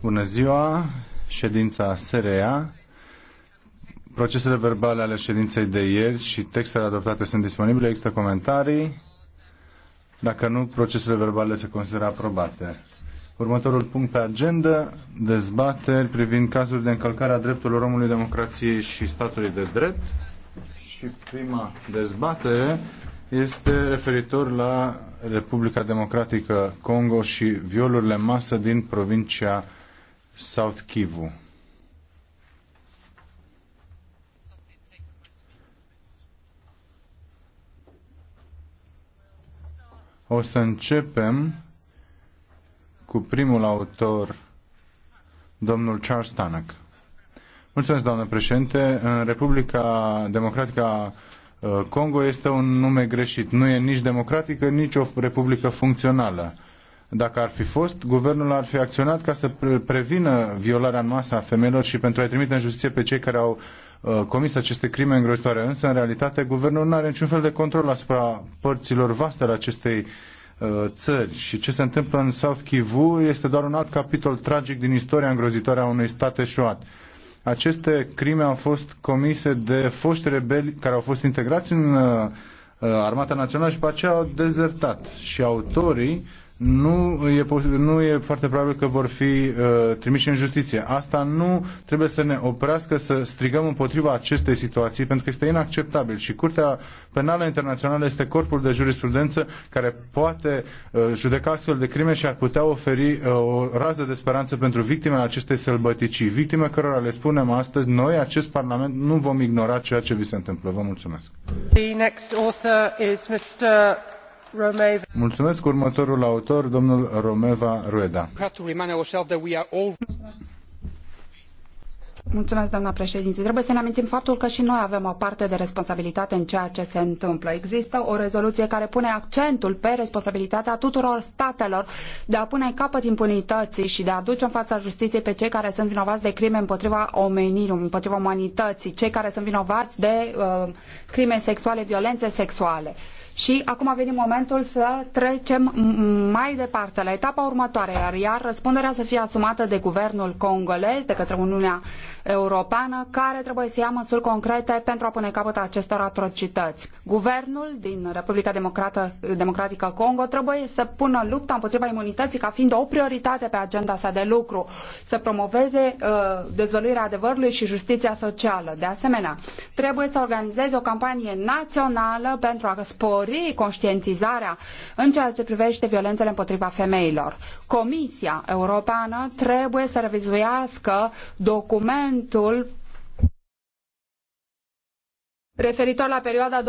Bună ziua, ședința SREA. Procesele verbale ale ședinței de ieri și textele adoptate sunt disponibile. Există comentarii? Dacă nu, procesele verbale se consideră aprobate. Următorul punct pe agenda, dezbateri privind cazul de încălcare a drepturilor omului, democrației și statului de drept. Și prima dezbatere este referitor la Republica Democratică Congo și violurile masă din provincia South Kivu. O să începem cu primul autor, domnul Charles Tanak. Mulțumesc, doamnă președinte. În Republica Democratică Uh, Congo este un nume greșit. Nu e nici democratică, nici o republică funcțională. Dacă ar fi fost, guvernul ar fi acționat ca să prevină violarea în masă a femeilor și pentru a-i trimite în justiție pe cei care au uh, comis aceste crime îngrozitoare. Însă, în realitate, guvernul nu are niciun fel de control asupra părților vaste ale acestei uh, țări și ce se întâmplă în South Kivu este doar un alt capitol tragic din istoria îngrozitoare a unui stat eșuat. Aceste crime au fost comise de foști rebeli care au fost integrați în uh, Armata Națională și pe aceea au dezertat. Și autorii nu e, nu e foarte probabil că vor fi uh, trimiși în justiție. Asta nu trebuie să ne oprească să strigăm împotriva acestei situații, pentru că este inacceptabil. Și Curtea Penală Internațională este corpul de jurisprudență care poate uh, judeca astfel de crime și ar putea oferi uh, o rază de speranță pentru victimele acestei sălbăticii, victime cărora le spunem astăzi, noi, acest Parlament, nu vom ignora ceea ce vi se întâmplă. Vă mulțumesc. The next author is Mr. Mulțumesc următorul autor, domnul Romeva Rueda. Mulțumesc, doamna președinte. Trebuie să ne amintim faptul că și noi avem o parte de responsabilitate în ceea ce se întâmplă. Există o rezoluție care pune accentul pe responsabilitatea tuturor statelor de a pune capăt impunității și de a aduce în fața justiției pe cei care sunt vinovați de crime împotriva omenirii, împotriva umanității, cei care sunt vinovați de uh, crime sexuale, violențe sexuale. Uh, și acum a venit momentul să trecem mai departe, la etapa următoare, iar, iar răspunderea să fie asumată de guvernul congolez, de către Uniunea Europeană, care trebuie să ia măsuri concrete pentru a pune capăt acestor atrocități. Guvernul din Republica Democrată, Democratică Congo trebuie să pună lupta împotriva imunității ca fiind o prioritate pe agenda sa de lucru, să promoveze uh, dezvăluirea adevărului și justiția socială. De asemenea, trebuie să organizeze o campanie națională pentru a spori spori conștientizarea în ceea ce privește violențele împotriva femeilor. Comisia Europeană trebuie să revizuiască documentul referitor la perioada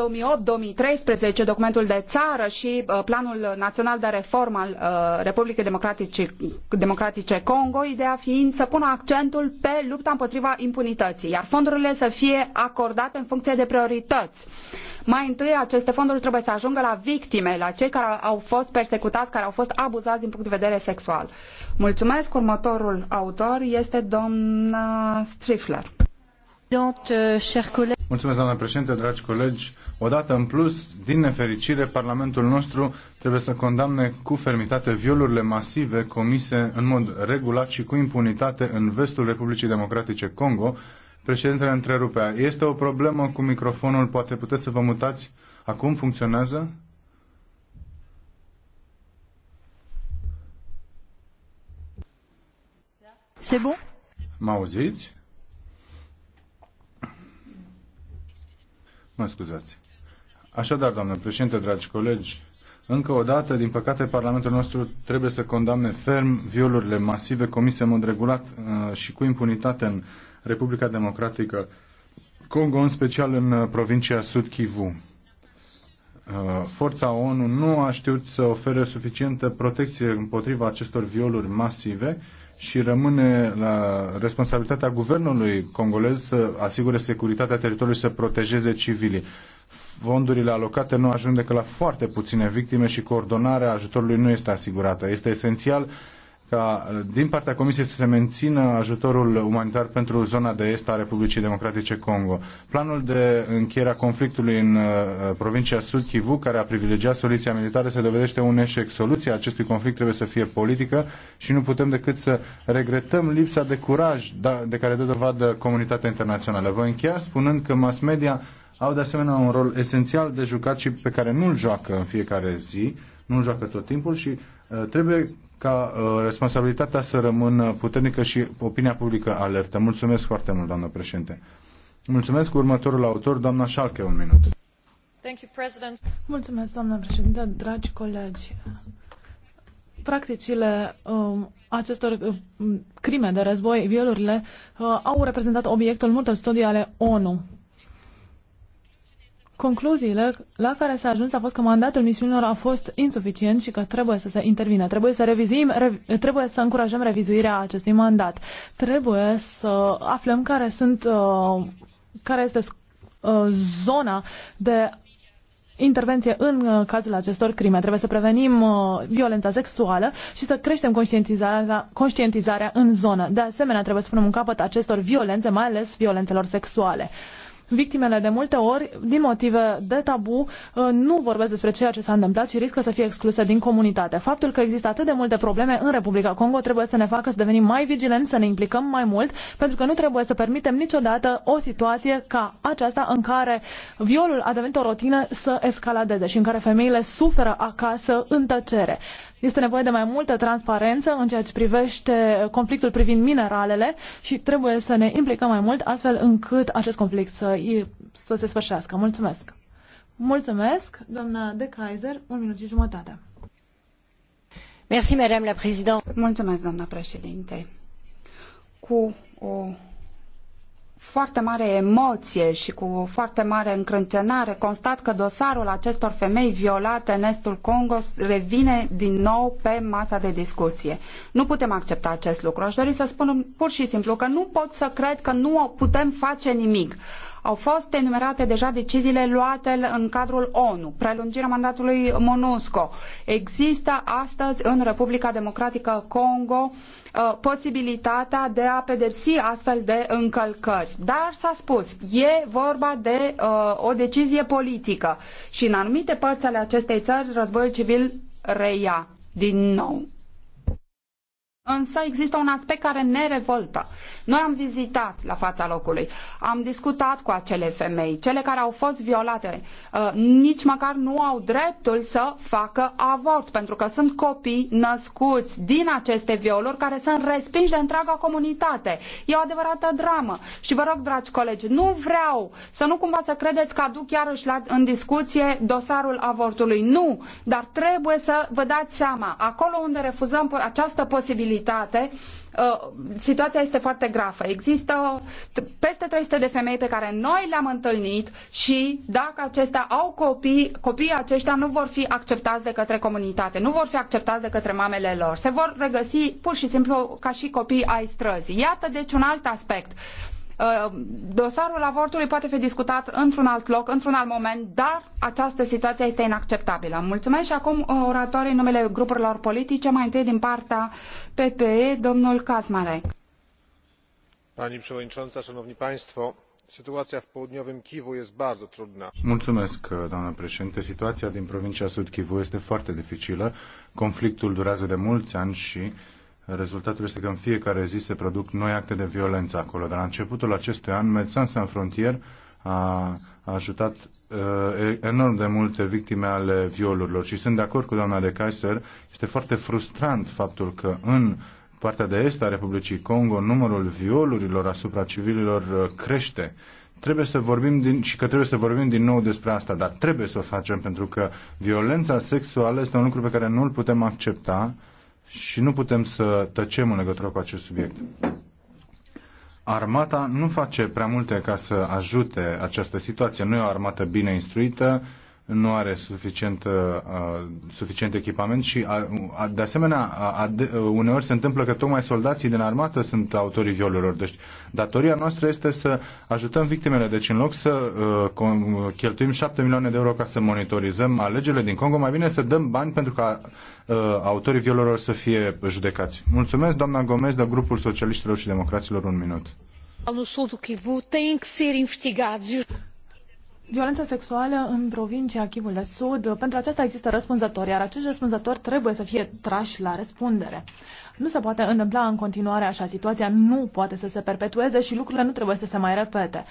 2008-2013, documentul de țară și uh, Planul Național de Reformă al uh, Republicii Democratice, Democratice Congo, ideea fiind să pună accentul pe lupta împotriva impunității, iar fondurile să fie acordate în funcție de priorități mai întâi, aceste fonduri trebuie să ajungă la victime, la cei care au fost persecutați, care au fost abuzați din punct de vedere sexual. Mulțumesc. Următorul autor este doamna Strifler. Euh, Mulțumesc, doamna președinte, dragi colegi. Odată în plus, din nefericire, Parlamentul nostru trebuie să condamne cu fermitate violurile masive comise în mod regulat și cu impunitate în vestul Republicii Democratice Congo, Președintele întrerupea. Este o problemă cu microfonul, poate puteți să vă mutați. Acum funcționează? Se bun? Mă auziți? Mă scuzați. Așadar, doamnă președinte, dragi colegi, încă o dată, din păcate, Parlamentul nostru trebuie să condamne ferm violurile masive comise în mod regulat uh, și cu impunitate în Republica Democratică Congo, în special în uh, provincia Sud Kivu. Uh, forța ONU nu a știut să ofere suficientă protecție împotriva acestor violuri masive și rămâne la responsabilitatea guvernului congolez să asigure securitatea teritoriului, să protejeze civilii. Fondurile alocate nu ajung decât la foarte puține victime și coordonarea ajutorului nu este asigurată. Este esențial ca uh, din partea Comisiei să se mențină ajutorul umanitar pentru zona de est a Republicii Democratice Congo. Planul de încheiere a conflictului în uh, provincia Sud Kivu, care a privilegiat soluția militară, se dovedește un eșec. Soluția acestui conflict trebuie să fie politică și nu putem decât să regretăm lipsa de curaj da, de care dă dovadă comunitatea internațională. Voi încheia spunând că mass media au de asemenea un rol esențial de jucat și pe care nu-l joacă în fiecare zi, nu-l joacă tot timpul și uh, trebuie ca uh, responsabilitatea să rămână puternică și opinia publică alertă. Mulțumesc foarte mult, doamnă președinte. Mulțumesc. Următorul autor, doamna Șalche, un minut. Thank you, President. Mulțumesc, doamnă președinte, dragi colegi. Practicile um, acestor um, crime de război, violurile, uh, au reprezentat obiectul multor studii ale ONU Concluziile la care s-a ajuns a fost că mandatul misiunilor a fost insuficient și că trebuie să se intervină. Trebuie să revizuim, rev, trebuie să încurajăm revizuirea acestui mandat. Trebuie să aflăm care sunt uh, care este uh, zona de intervenție în uh, cazul acestor crime. Trebuie să prevenim uh, violența sexuală și să creștem conștientizarea, conștientizarea în zonă. De asemenea, trebuie să punem un capăt acestor violențe, mai ales violențelor sexuale. Uh, Victimele de multe ori, din motive de tabu, uh, nu vorbesc despre ceea ce s-a întâmplat și riscă să fie excluse din comunitate. Faptul că există atât de multe probleme în Republica Congo trebuie să ne facă să devenim mai vigilenți, să ne implicăm mai mult, pentru că nu trebuie să permitem niciodată o situație ca aceasta în care violul a devenit o rotină să escaladeze și în care femeile suferă acasă în tăcere. Este nevoie de mai multă transparență în ceea ce privește conflictul privind mineralele și trebuie să ne implicăm mai mult astfel încât acest conflict să, să se sfârșească. Mulțumesc! Mulțumesc, doamna De Kaiser, un minut și jumătate. Merci, Madame la Mulțumesc, doamna președinte. Cu o foarte mare emoție și cu foarte mare încrâncenare constat că dosarul acestor femei violate în estul Congo revine din nou pe masa de discuție. Nu putem accepta acest lucru. Aș dori să spun pur și simplu că nu pot să cred că nu putem face nimic. Au fost enumerate deja deciziile luate în cadrul ONU, prelungirea mandatului MONUSCO. Există astăzi în Republica Democratică Congo uh, posibilitatea de a pedepsi astfel de încălcări. Dar s-a spus, e vorba de uh, o decizie politică și în anumite părți ale acestei țări războiul civil reia din nou. Însă există un aspect care ne revoltă. Noi am vizitat la fața locului, am discutat cu acele femei, cele care au fost violate, uh, nici măcar nu au dreptul să facă avort, pentru că sunt copii născuți din aceste violuri care sunt respinși de întreaga comunitate. E o adevărată dramă. Și vă rog, dragi colegi, nu vreau să nu cumva să credeți că aduc iarăși la, în discuție dosarul avortului. Nu, dar trebuie să vă dați seama, acolo unde refuzăm această posibilitate, securitate, uh, situația este foarte gravă. Există peste 300 de femei pe care noi le-am întâlnit și dacă acestea au copii, copiii aceștia nu vor fi acceptați de către comunitate, nu vor fi acceptați de către mamele lor. Se vor regăsi pur și simplu ca și copii ai străzii. Iată deci un alt aspect Uh, dosarul avortului poate fi discutat într-un alt loc, într-un alt moment, dar această situație este inacceptabilă. Mulțumesc și acum uh, oratorii în numele grupurilor politice, mai întâi din partea PPE, domnul Kazmarek. Pani przewodnicząca, szanowni państwo, Situația w południowym Kivu jest bardzo trudna. Mulțumesc, uh, doamnă președinte. Situația din provincia Sud Kivu este foarte dificilă. Conflictul durează de mulți ani și Rezultatul este că în fiecare zi se produc noi acte de violență acolo. Dar la începutul acestui an, Medecins Sans Frontier a ajutat uh, enorm de multe victime ale violurilor și sunt de acord cu doamna de Kaiser. Este foarte frustrant faptul că în partea de est a Republicii Congo numărul violurilor asupra civililor uh, crește trebuie să vorbim din, și că trebuie să vorbim din nou despre asta, dar trebuie să o facem pentru că violența sexuală este un lucru pe care nu îl putem accepta și nu putem să tăcem în legătură cu acest subiect. Armata nu face prea multe ca să ajute această situație. Nu e o armată bine instruită, nu are suficient, uh, suficient echipament și a, de asemenea a, uneori se întâmplă că tocmai soldații din armată sunt autorii violurilor. Deci datoria noastră este să ajutăm victimele. Deci în loc să uh, cheltuim 7 milioane de euro ca să monitorizăm alegerile din Congo, mai bine să dăm bani pentru ca uh, autorii violurilor să fie judecați. Mulțumesc, doamna Gomez, de grupul socialiștilor și democraților, un minut. No sul Kivu têm que ser investigados violența sexuală în provincia Chivul de Sud, pentru aceasta există răspunzători, iar acești răspunzători trebuie să fie trași la răspundere. Nu se poate întâmpla în continuare așa, situația nu poate să se perpetueze și lucrurile nu trebuie să se mai repete.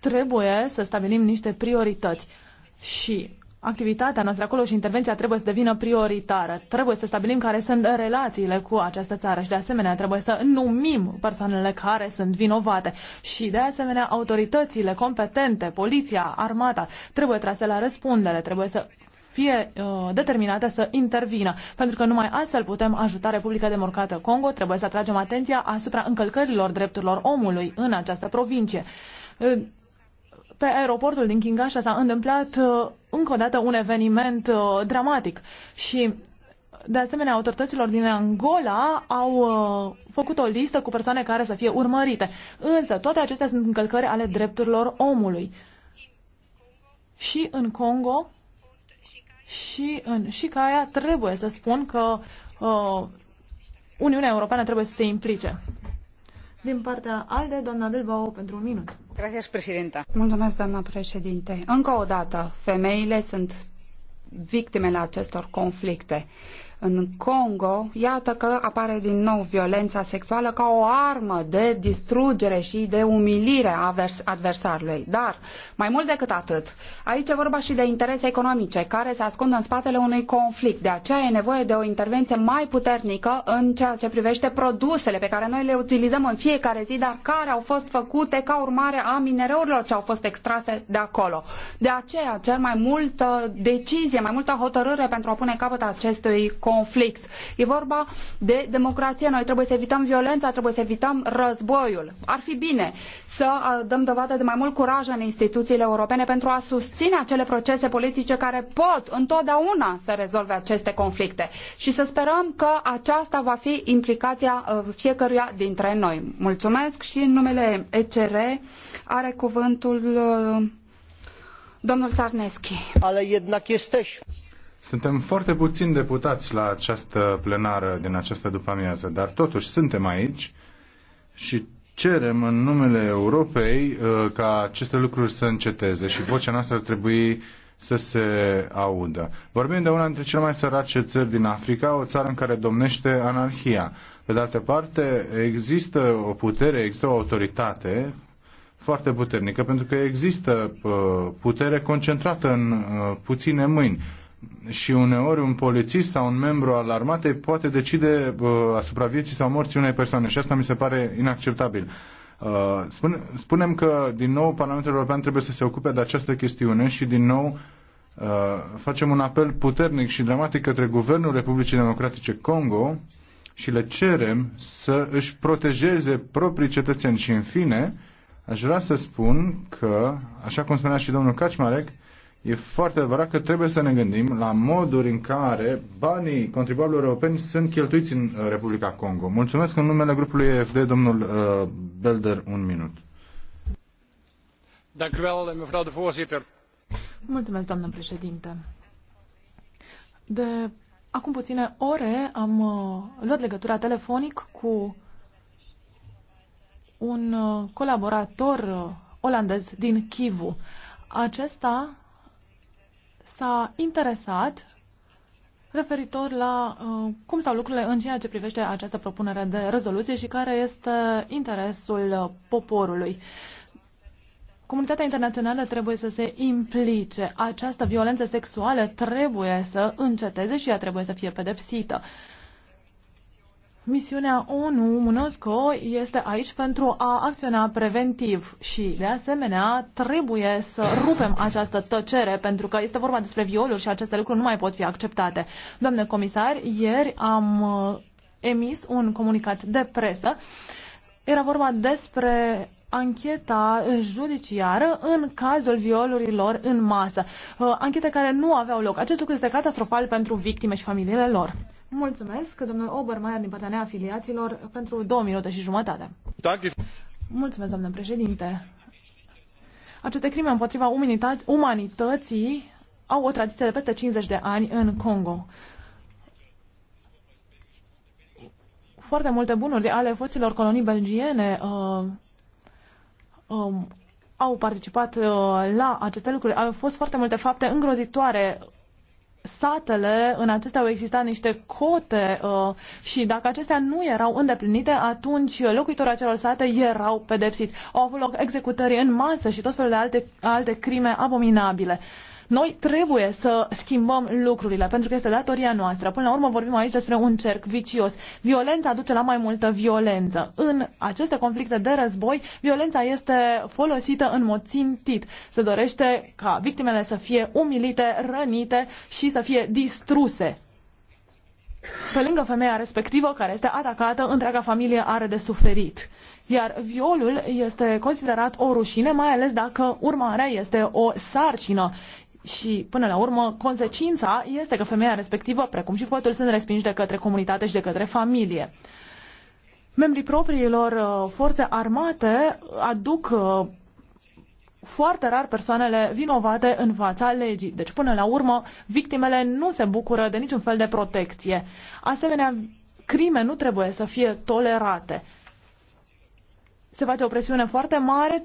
Trebuie să stabilim niște priorități și activitatea noastră acolo și intervenția trebuie să devină prioritară. Trebuie să stabilim care sunt relațiile cu această țară și de asemenea trebuie să numim persoanele care sunt vinovate și de asemenea autoritățile competente, poliția, armata, trebuie trase la răspundere, trebuie să fie uh, determinată să intervină, pentru că numai astfel putem ajuta Republica Democrată Congo. Trebuie să atragem atenția asupra încălcărilor drepturilor omului în această provincie. Uh, pe aeroportul din Kingasha s-a întâmplat uh, încă o dată un eveniment uh, dramatic și de asemenea, autorităților din Angola au uh, făcut o listă cu persoane care să fie urmărite. Însă, toate acestea sunt încălcări ale drepturilor omului. Și în Congo, și în Shikaya, trebuie să spun că uh, Uniunea Europeană trebuie să se implice. Din partea ALDE, doamna Bilbao, pentru un minut. Gracias, președinta. Mulțumesc, doamna președinte. Încă o dată, femeile sunt victimele acestor conflicte în Congo, iată că apare din nou violența sexuală ca o armă de distrugere și de umilire a adversarului. Dar, mai mult decât atât, aici e vorba și de interese economice care se ascund în spatele unui conflict. De aceea e nevoie de o intervenție mai puternică în ceea ce privește produsele pe care noi le utilizăm în fiecare zi, dar care au fost făcute ca urmare a minereurilor ce au fost extrase de acolo. De aceea cer mai multă decizie, mai multă hotărâre pentru a pune capăt acestui conflict conflict. E vorba de democrație. Noi trebuie să evităm violența, trebuie să evităm războiul. Ar fi bine să uh, dăm dovadă de mai mult curaj în instituțiile europene pentru a susține acele procese politice care pot întotdeauna să rezolve aceste conflicte. Și să sperăm că aceasta va fi implicația uh, fiecăruia dintre noi. Mulțumesc și în numele ECR are cuvântul uh, domnul Sarneschi. Ale jednak jesteśmy. Suntem foarte puțini deputați la această plenară din această după-amiază, dar totuși suntem aici și cerem în numele Europei uh, ca aceste lucruri să înceteze și vocea noastră ar trebui să se audă. Vorbim de una dintre cele mai sărace țări din Africa, o țară în care domnește anarhia. Pe de altă parte, există o putere, există o autoritate foarte puternică, pentru că există uh, putere concentrată în uh, puține mâini și uneori un polițist sau un membru al armatei poate decide uh, asupra vieții sau morții unei persoane și asta mi se pare inacceptabil. Uh, spune, spunem că din nou Parlamentul European trebuie să se ocupe de această chestiune și din nou uh, facem un apel puternic și dramatic către Guvernul Republicii Democratice Congo și le cerem să își protejeze proprii cetățeni și în fine aș vrea să spun că, așa cum spunea și domnul Kaczmarek, uh, E foarte adevărat că trebuie să ne gândim la moduri în care banii contribuabililor europeni sunt cheltuiți în uh, Republica Congo. Mulțumesc în numele grupului EFD, domnul uh, Belder, un minut. Mulțumesc, doamnă președinte. De acum puține ore am uh, luat legătura telefonic cu un uh, colaborator uh, olandez din Kivu. Acesta s-a interesat referitor la uh, cum stau lucrurile în ceea ce privește această propunere de rezoluție și care este interesul uh, poporului. Comunitatea internațională trebuie să se implice. Această violență sexuală trebuie să înceteze și ea trebuie să fie pedepsită. Uh, Misiunea ONU MONUSCO este aici pentru a acționa preventiv și, de asemenea, trebuie să rupem această tăcere pentru că este vorba despre violuri și aceste lucruri nu mai pot fi acceptate. Doamne comisar, ieri am uh, emis un comunicat de presă. Era vorba despre ancheta judiciară în cazul violurilor în masă. Uh, anchete care nu aveau loc. Acest lucru este catastrofal pentru victime și familiile lor. Mulțumesc, domnul Obermeier, din partea neafiliaților, pentru două minute și jumătate. Mulțumesc, domnule președinte. Aceste crime împotriva umanității au o tradiție de peste 50 de ani în Congo. Foarte multe bunuri ale fostilor colonii belgiene uh, um, au participat uh, la aceste lucruri. Au fost foarte multe fapte îngrozitoare satele, în acestea au existat niște cote uh, și dacă acestea nu erau îndeplinite, atunci locuitorii acelor sate erau pedepsiți. Au avut loc executări în masă și tot felul de alte, alte crime abominabile. Uh, noi trebuie să schimbăm lucrurile, pentru că este datoria noastră. Până la urmă vorbim aici despre un cerc vicios. Violența duce la mai multă violență. În aceste conflicte de război, violența este folosită în mod țintit. Se dorește ca victimele să fie umilite, rănite și să fie distruse. Pe lângă femeia respectivă care este atacată, întreaga familie are de suferit. Iar violul este considerat o rușine, mai ales dacă urmarea este o sarcină. Și, până la urmă, consecința este că femeia respectivă, precum și fătul, sunt respinși de către comunitate și de către familie. Membrii propriilor uh, forțe armate aduc uh, foarte rar persoanele vinovate în fața legii. Deci, până la urmă, victimele nu se bucură de niciun fel de protecție. Asemenea, crime nu trebuie să fie tolerate. Se face o presiune foarte mare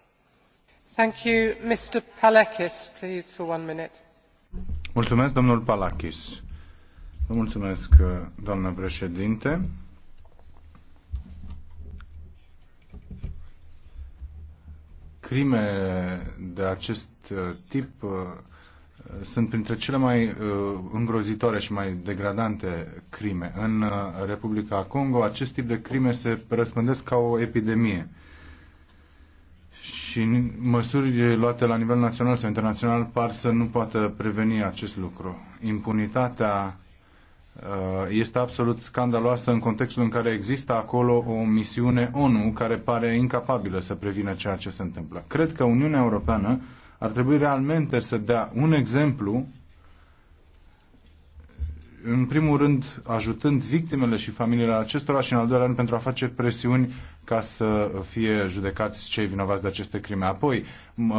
Mulțumesc, domnul Palakis. mulțumesc, președinte. Crime de acest tip uh, sunt printre cele mai uh, îngrozitoare și mai degradante crime. În uh, Republica Congo, acest tip de crime se răspândesc ca o epidemie și măsurile luate la nivel național sau internațional par să nu poată preveni acest lucru. Impunitatea uh, este absolut scandaloasă în contextul în care există acolo o misiune ONU care pare incapabilă să prevină ceea ce se întâmplă. Cred că Uniunea Europeană ar trebui realmente să dea un exemplu în primul rând ajutând victimele și familiile acestora și în al doilea rând pentru a face presiuni ca să fie judecați cei vinovați de aceste crime. Apoi,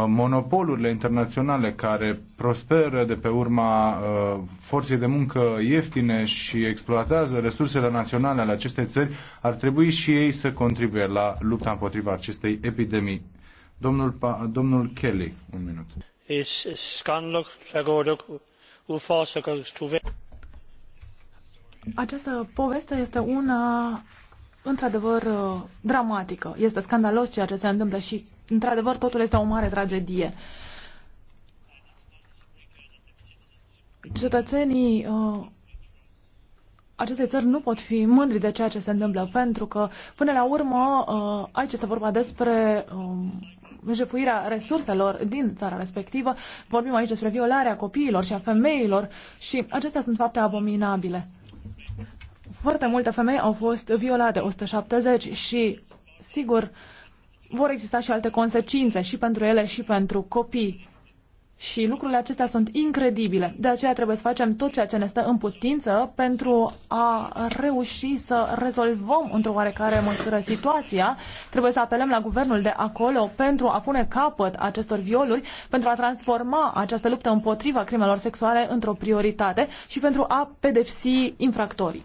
monopolurile internaționale care prosperă de pe urma uh, forței de muncă ieftine și exploatează resursele naționale ale acestei țări, ar trebui și ei să contribuie la lupta împotriva acestei epidemii. Domnul, domnul Kelly, un minut această poveste este una într-adevăr uh, dramatică. Este scandalos ceea ce se întâmplă și într-adevăr totul este o mare tragedie. Cetățenii uh, acestei țări nu pot fi mândri de ceea ce se întâmplă, pentru că, până la urmă, uh, aici este vorba despre uh, jefuirea resurselor din țara respectivă. Vorbim aici despre violarea copiilor și a femeilor și acestea sunt fapte abominabile foarte multe femei au fost violate, 170 și, sigur, vor exista și alte consecințe și pentru ele și pentru copii. Și lucrurile acestea sunt incredibile. De aceea trebuie să facem tot ceea ce ne stă în putință pentru a reuși să rezolvăm într-o oarecare măsură situația. Trebuie să apelăm la guvernul de acolo pentru a pune capăt acestor violuri, pentru a transforma această luptă împotriva crimelor sexuale într-o prioritate și pentru a pedepsi infractorii.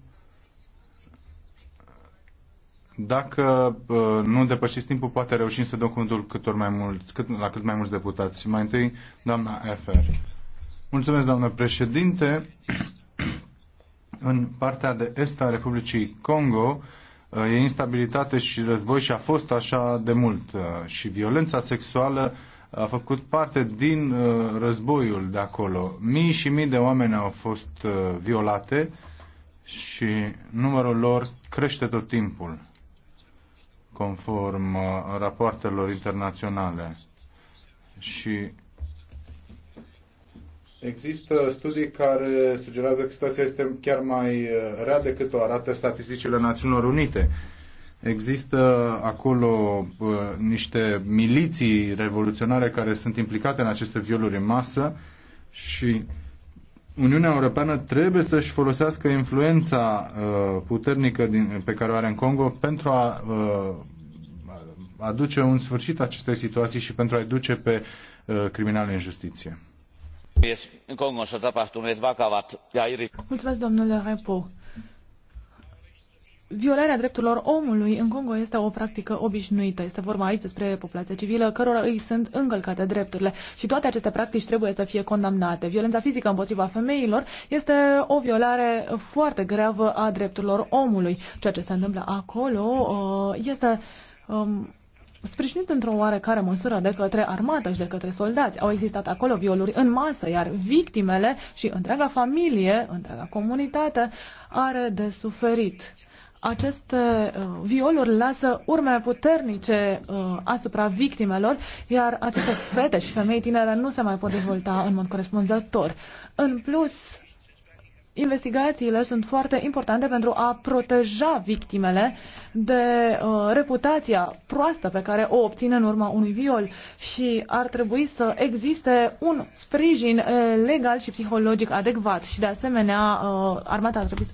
Dacă uh, nu depășiți timpul, poate reușim să dăm cuvântul cât ori mai mult, cât, la cât mai mulți deputați. Mai întâi, doamna Efer. Mulțumesc, doamnă președinte. În partea de est a Republicii Congo uh, e instabilitate și război și a fost așa de mult. Uh, și violența sexuală a făcut parte din războiul de acolo. Mii și mii de oameni au fost violate și numărul lor crește tot timpul conform uh, rapoartelor internaționale. Și Există studii care sugerează că situația este chiar mai uh, rea decât o arată statisticile Națiunilor Unite. Există acolo uh, niște miliții revoluționare care sunt implicate în aceste violuri în masă și uh, Uniunea Europeană trebuie să-și folosească influența uh, puternică din, pe care o are în Congo pentru a uh, aduce un sfârșit acestei situații și pentru a-i duce pe uh, criminali în justiție. Mulțumesc, domnule Repo. Violarea drepturilor omului în Congo este o practică obișnuită. Este vorba aici despre populația civilă, cărora îi sunt încălcate drepturile și toate aceste practici trebuie să fie condamnate. Violența fizică împotriva femeilor este o violare foarte gravă a drepturilor omului. Ceea ce se întâmplă acolo uh, este um, sprijinit într-o oarecare măsură de către armată și de către soldați. Au existat acolo violuri în masă, iar victimele și întreaga familie, întreaga comunitate are de suferit aceste uh, violuri lasă urme puternice uh, asupra victimelor, iar aceste fete și femei tinere nu se mai pot dezvolta în mod corespunzător. În plus, investigațiile sunt foarte importante pentru a proteja victimele de uh, reputația proastă pe care o obține în urma unui viol și ar trebui să existe un sprijin uh, legal și psihologic adecvat și de asemenea uh, armata ar trebui să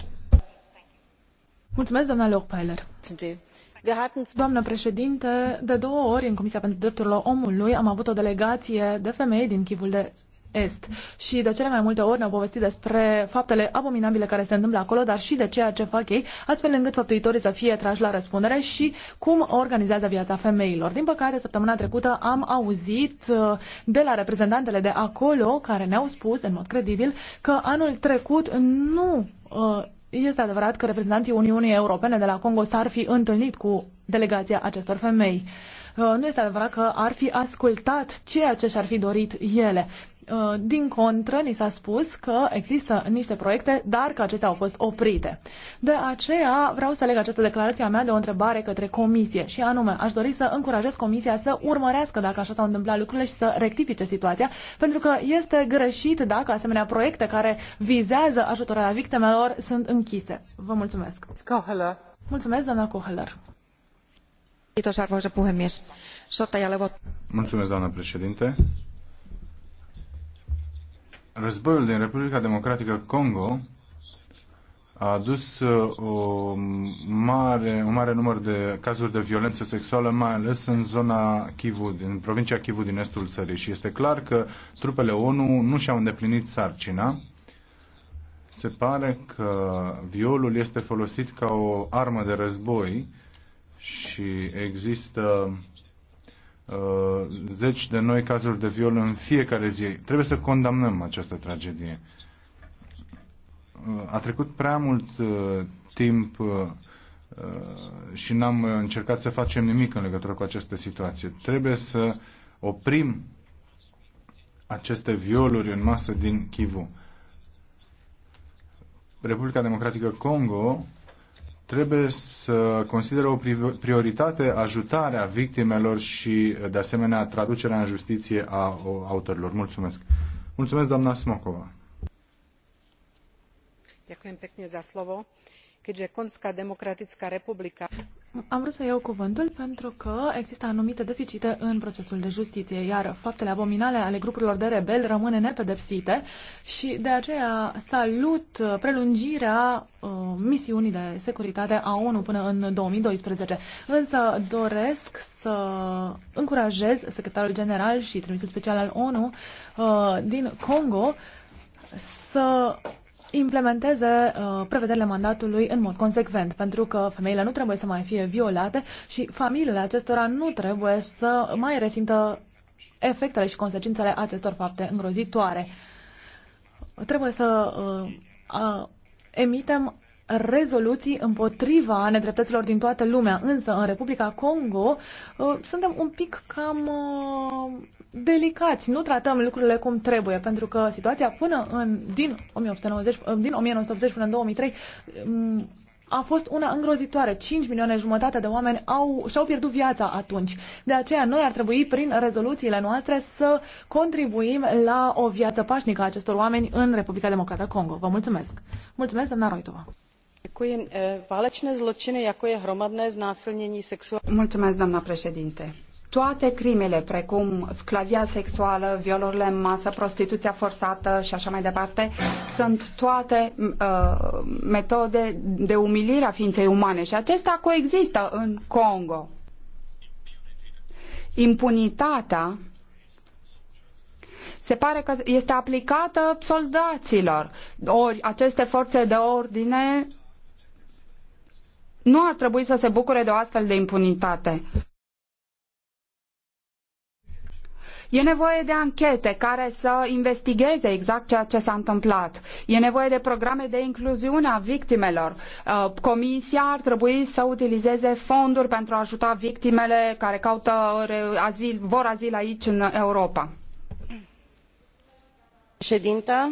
Doamnă președinte, de două ori în Comisia pentru Drepturile Omului am avut o delegație de femei din Chivul de Est. Și de cele mai multe ori ne-au povestit despre faptele abominabile care se întâmplă acolo, dar și de ceea ce fac ei, astfel încât făptuitorii să fie trași la răspundere și cum organizează viața femeilor. Din păcate, săptămâna trecută am auzit uh, de la reprezentantele de acolo care ne-au spus, în mod credibil, că anul trecut nu uh, este adevărat că reprezentanții Uniunii Europene de la Congo s-ar fi întâlnit cu delegația acestor femei. Uh, nu este adevărat că ar fi ascultat ceea ce și-ar fi dorit ele. Uh, din contră, ni s-a spus că există niște proiecte, dar că acestea au fost oprite. De aceea vreau să leg această declarație a mea de o întrebare către comisie și anume, aș dori să încurajez comisia să urmărească dacă așa s-au întâmplat lucrurile și să rectifice situația, pentru că este greșit dacă asemenea proiecte care vizează ajutorarea victimelor sunt închise. Vă mulțumesc. Skoheller. Mulțumesc, doamna Koheller. Mulțumesc, doamna președinte. Războiul din Republica Democratică Congo a adus uh, o mare, un mare număr de cazuri de violență sexuală, mai ales în zona Kivu, în provincia Kivu din estul țării. Și este clar că trupele ONU nu și-au îndeplinit sarcina. Se pare că violul este folosit ca o armă de război și există Uh, zeci de noi cazuri de viol în fiecare zi. Trebuie să condamnăm această tragedie. Uh, a trecut prea mult uh, timp și n-am încercat să facem nimic în legătură cu această situație. Trebuie să oprim aceste violuri în masă din Kivu. Republica Democratică Congo trebuie să consideră o prioritate ajutarea victimelor și, de asemenea, traducerea în justiție a autorilor. Mulțumesc. Mulțumesc, doamna Smokova. Mulțumesc pekne za slovo. Keďže Konská demokratická republika... Am vrut să iau cuvântul pentru că există anumite deficite în procesul de justiție, iar faptele abominale ale grupurilor de rebeli rămâne nepedepsite și de aceea salut prelungirea uh, misiunii de securitate a ONU până în 2012. Însă doresc să încurajez secretarul general și trimisul special al ONU uh, din Congo să implementeze uh, prevederile mandatului în mod consecvent, pentru că femeile nu trebuie să mai fie violate și familiile acestora nu trebuie să mai resimtă efectele și consecințele acestor fapte îngrozitoare. Trebuie să uh, uh, emitem rezoluții împotriva nedreptăților din toată lumea, însă în Republica Congo uh, suntem un pic cam uh, delicați, nu tratăm lucrurile cum trebuie, pentru că situația până în, din, 1890, uh, din 1980 până în 2003 um, a fost una îngrozitoare. 5 milioane jumătate de oameni au, și-au pierdut viața atunci. De aceea noi ar trebui prin rezoluțiile noastre să contribuim la o viață pașnică a acestor oameni în Republica Democrată Congo. Vă mulțumesc! Mulțumesc, doamna Roitova! Eh, válečné zločiny, jako je hromadné znásilnění sexuální... Mulțumesc, președinte toate crimele, precum sclavia sexuală, violurile în masă, prostituția forțată și așa mai departe, sunt toate uh, metode de umilire a ființei umane și acestea coexistă în Congo. Impunitatea se pare că este aplicată soldaților. Ori aceste forțe de ordine nu ar trebui să se bucure de o astfel de impunitate. E nevoie de anchete care să investigheze exact ceea ce s-a întâmplat. E nevoie de programe de incluziune a victimelor. Uh, comisia ar trebui să utilizeze fonduri pentru a ajuta victimele care caută azil, vor azil aici în Europa. Ședintă,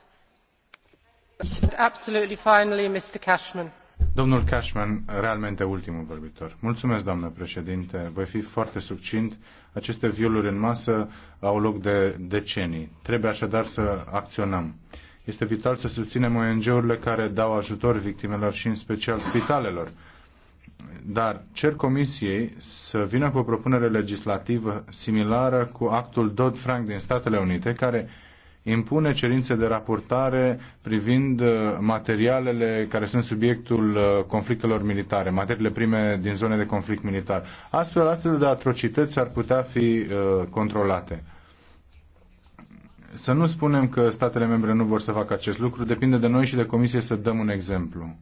Absolutely Cashman. Domnul Cashman, realmente ultimul vorbitor. Mulțumesc, doamnă președinte. Voi fi foarte succint. Aceste violuri în masă au loc de decenii. Trebuie așadar să acționăm. Este vital să susținem ONG-urile care dau ajutor victimelor și în special spitalelor. Dar cer comisiei să vină cu o propunere legislativă similară cu actul Dodd-Frank din Statele Unite, care impune cerințe de raportare privind uh, materialele care sunt subiectul uh, conflictelor militare, materiile prime din zone de conflict militar. Astfel, astfel de atrocități ar putea fi uh, controlate. Să nu spunem că statele membre nu vor să facă acest lucru, depinde de noi și de comisie să dăm un exemplu.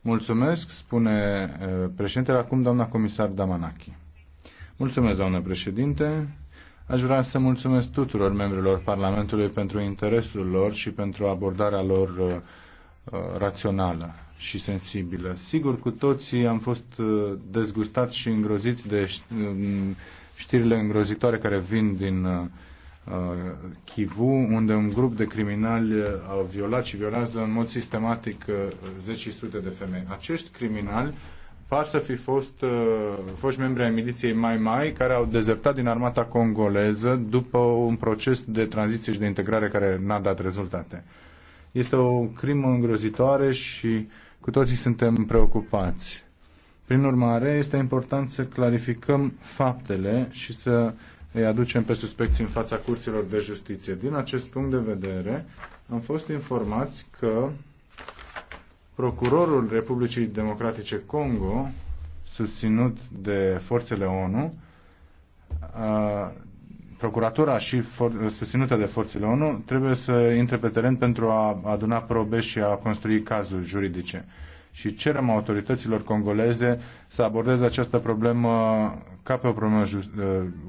Mulțumesc, spune președintele, acum doamna comisar Damanaki. Mulțumesc, doamnă președinte. Aș vrea să mulțumesc tuturor membrilor Parlamentului pentru interesul lor și pentru abordarea lor uh, uh, rațională și sensibilă. Sigur, cu toții am fost uh, dezgustați și îngroziți de știrile îngrozitoare care vin din Chivu, unde un grup de criminali au violat și violează în mod sistematic zeci sute de femei. Acești criminali par să fi fost uh, foști membri ai miliției Mai Mai, care au dezertat din armata congoleză după un proces de tranziție și de integrare care n-a dat rezultate. Este o crimă îngrozitoare și cu toții suntem preocupați. Prin urmare, este important să clarificăm faptele și să îi aducem pe suspecții în fața curților de justiție. Din acest punct de vedere, am fost informați că Procurorul Republicii Democratice Congo, susținut de forțele ONU, procuratura și for- susținută de forțele ONU trebuie să intre pe teren pentru a aduna probe și a construi cazuri juridice. Și cerem autorităților congoleze să abordeze această problemă ca pe o problemă ă,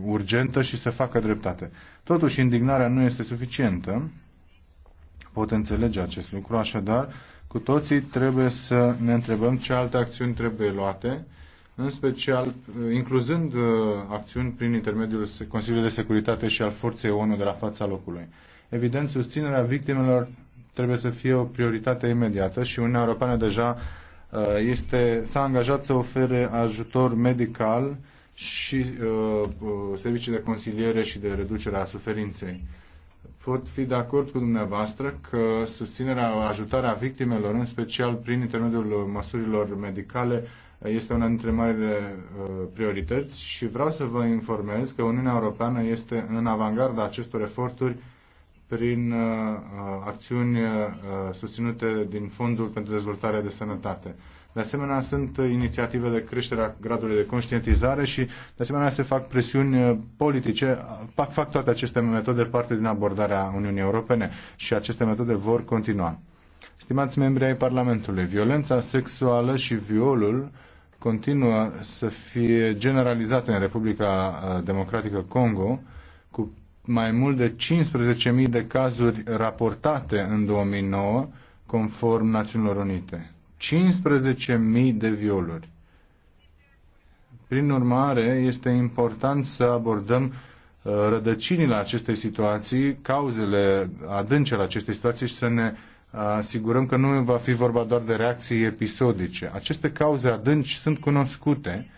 urgentă și să facă dreptate. Totuși, indignarea nu este suficientă. Pot înțelege acest lucru, așadar, cu toții trebuie să ne întrebăm ce alte acțiuni trebuie luate, în special incluzând uh, acțiuni prin intermediul Consiliului de Securitate și al Forței ONU de la fața locului. Evident, susținerea victimelor trebuie să fie o prioritate imediată și Uniunea Europeană deja uh, este, s-a angajat să ofere ajutor medical și uh, uh servicii de consiliere și de reducere a suferinței pot fi de acord cu dumneavoastră că susținerea, ajutarea victimelor, în special prin intermediul măsurilor medicale, este una dintre marile uh, priorități și vreau să vă informez că Uniunea Europeană este în avangarda acestor eforturi prin uh, uh, acțiuni susținute din Fondul pentru Dezvoltare de Sănătate. De asemenea, sunt inițiative de creștere a gradului de conștientizare și, de asemenea, se fac presiuni uh, politice. Uh, fac toate aceste metode parte din abordarea Uniunii Europene și aceste metode vor continua. Stimați membri ai Parlamentului, violența sexuală și violul continuă să fie generalizate în Republica uh, Democratică Congo cu mai mult de 15.000 de cazuri raportate în 2009 conform Națiunilor Unite. 15.000 de violuri. Prin urmare, este important să abordăm uh, rădăcinile acestei situații, cauzele adânci acestei situații și să ne uh, asigurăm că nu va fi vorba doar de reacții episodice. Aceste cauze adânci sunt cunoscute.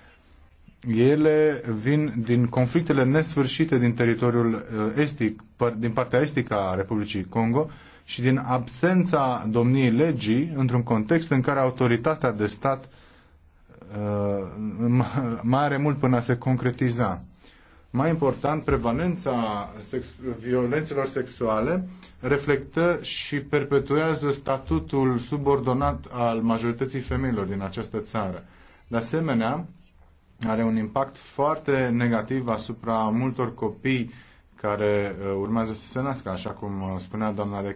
Ele vin din conflictele nesfârșite din teritoriul uh, estic, din partea estică a Republicii Congo, și din absența domniei legii într-un context în care autoritatea de stat uh, mai are mult până a se concretiza. Mai important, prevalența sex- violențelor sexuale reflectă și perpetuează statutul subordonat al majorității femeilor din această țară. De asemenea, are un impact foarte negativ asupra multor copii care uh, urmează să se nască, așa cum uh, spunea doamna de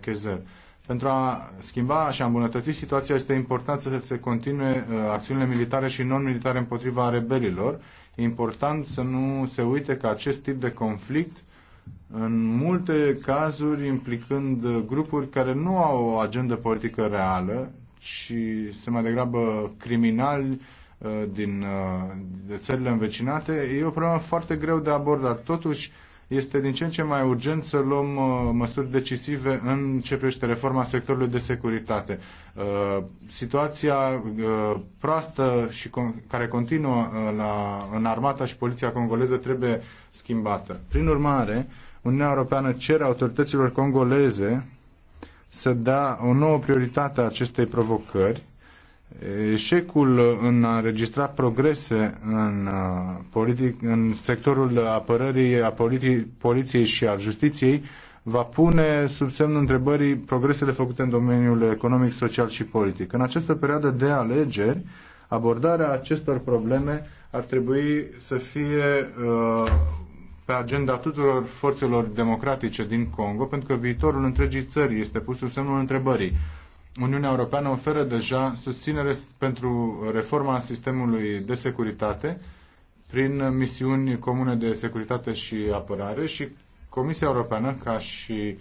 Pentru a schimba și a îmbunătăți situația este important să se continue uh, acțiunile militare și non-militare împotriva rebelilor. E important să nu se uite că acest tip de conflict în multe cazuri implicând grupuri care nu au o agendă politică reală, ci se mai degrabă criminali din de țările învecinate, e o problemă foarte greu de abordat. Totuși, este din ce în ce mai urgent să luăm uh, măsuri decisive în ce privește reforma sectorului de securitate. Uh, situația uh, proastă și care continuă la, în armata și poliția congoleză trebuie schimbată. Prin urmare, Uniunea Europeană cere autorităților congoleze să dea o nouă prioritate a acestei provocări Eșecul în a înregistra progrese în, uh, politic, în sectorul apărării a politi, poliției și al justiției va pune sub semnul întrebării progresele făcute în domeniul economic, social și politic. În această perioadă de alegeri, abordarea acestor probleme ar trebui să fie uh, pe agenda tuturor forțelor democratice din Congo, pentru că viitorul întregii țări este pus sub semnul întrebării. Uniunea Europeană oferă deja susținere pentru reforma sistemului de securitate prin misiuni comune de securitate și apărare și Comisia Europeană, ca și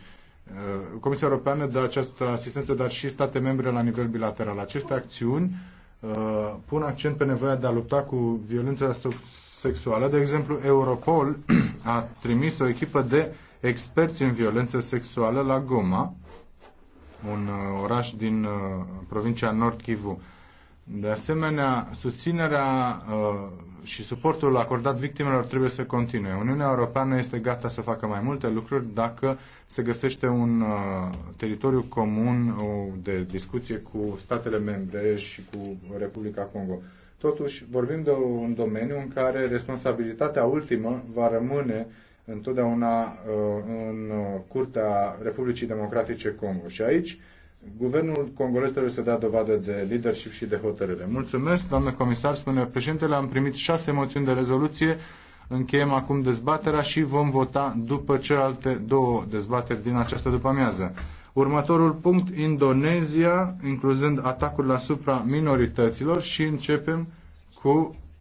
uh, Comisia Europeană dă această asistență, dar și state membre la nivel bilateral. Aceste acțiuni uh, pun accent pe nevoia de a lupta cu violența sexuală. De exemplu, Europol a trimis o echipă de experți în violență sexuală la Goma un uh, oraș din uh, provincia Nord Kivu. De asemenea, susținerea uh, și suportul acordat victimelor trebuie să continue. Uniunea Europeană este gata să facă mai multe lucruri dacă se găsește un teritoriu comun de discuție cu statele membre și cu Republica Congo. Totuși, vorbim de un domeniu în care responsabilitatea ultimă va rămâne întotdeauna uh, în uh, curtea Republicii Democratice Congo. Și aici guvernul congolez trebuie să dea dovadă de leadership și de hotărâre. Mulțumesc, doamnă comisar, spune președintele. Am primit șase moțiuni de rezoluție. Încheiem acum dezbaterea și vom vota după celelalte două dezbateri din această după-amiază. Următorul punct, Indonezia, incluzând atacurile asupra minorităților și începem cu